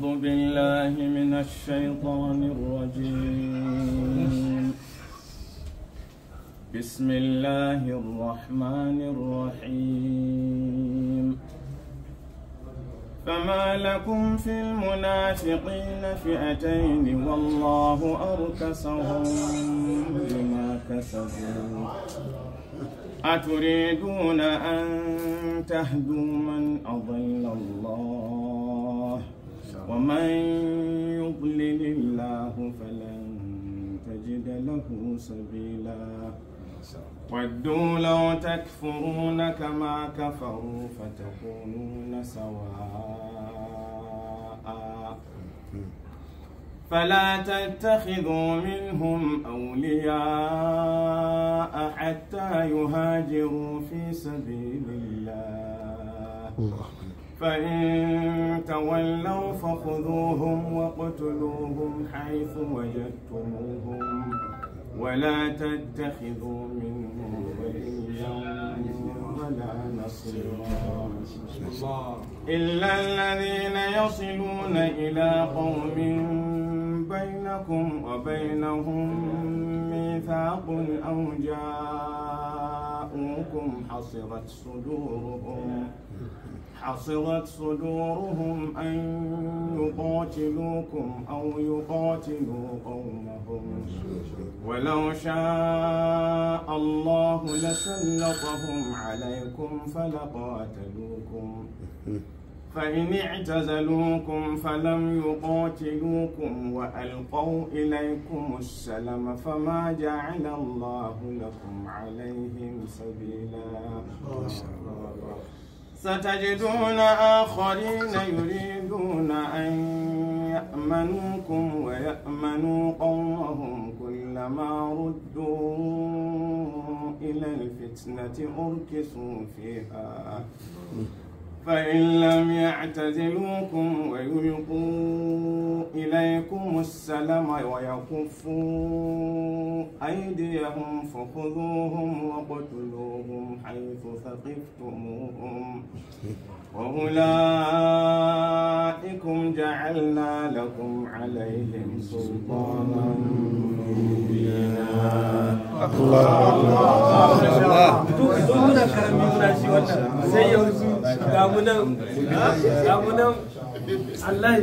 أعوذ بالله من الشيطان الرجيم بسم الله الرحمن الرحيم فما لكم في المنافقين فئتين والله أركسهم بما كسبوا أتريدون أن تهدوا من أضل الله ومن يضلل الله فلن تجد له سبيلا ودوا لو تكفرون كما كفروا فتكونون سواء فلا تتخذوا منهم أولياء حتى يهاجروا في سبيل الله فإن تولوا فخذوهم وقتلوهم حيث وجدتموهم ولا تتخذوا منهم وليا ولا نصيرا إلا الذين يصلون إلى قوم بينكم وبينهم ميثاق أو جار صدورهم حصرت صدورهم حصرت صدورهم أن يقاتلوكم أو يقاتلوا قومهم ولو شاء الله لسلطهم عليكم فلقاتلوكم فإن اعتزلوكم فلم يقاتلوكم وألقوا إليكم السلم فما جعل الله لكم عليهم سبيلا ستجدون آخرين يريدون أن يأمنوكم ويأمنوا قومهم كلما ردوا إلى الفتنة أركسوا فيها فإن لم يعتزلوكم ويلقوا إليكم السلام ويكفوا أيديهم فخذوهم وقتلوهم حيث ثقفتموهم وأولئكم جعلنا لكم عليهم سلطانا مبينا sai yanzu gamunan gamunan Allah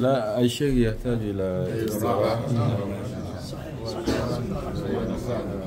لا الشيء يحتاج إلى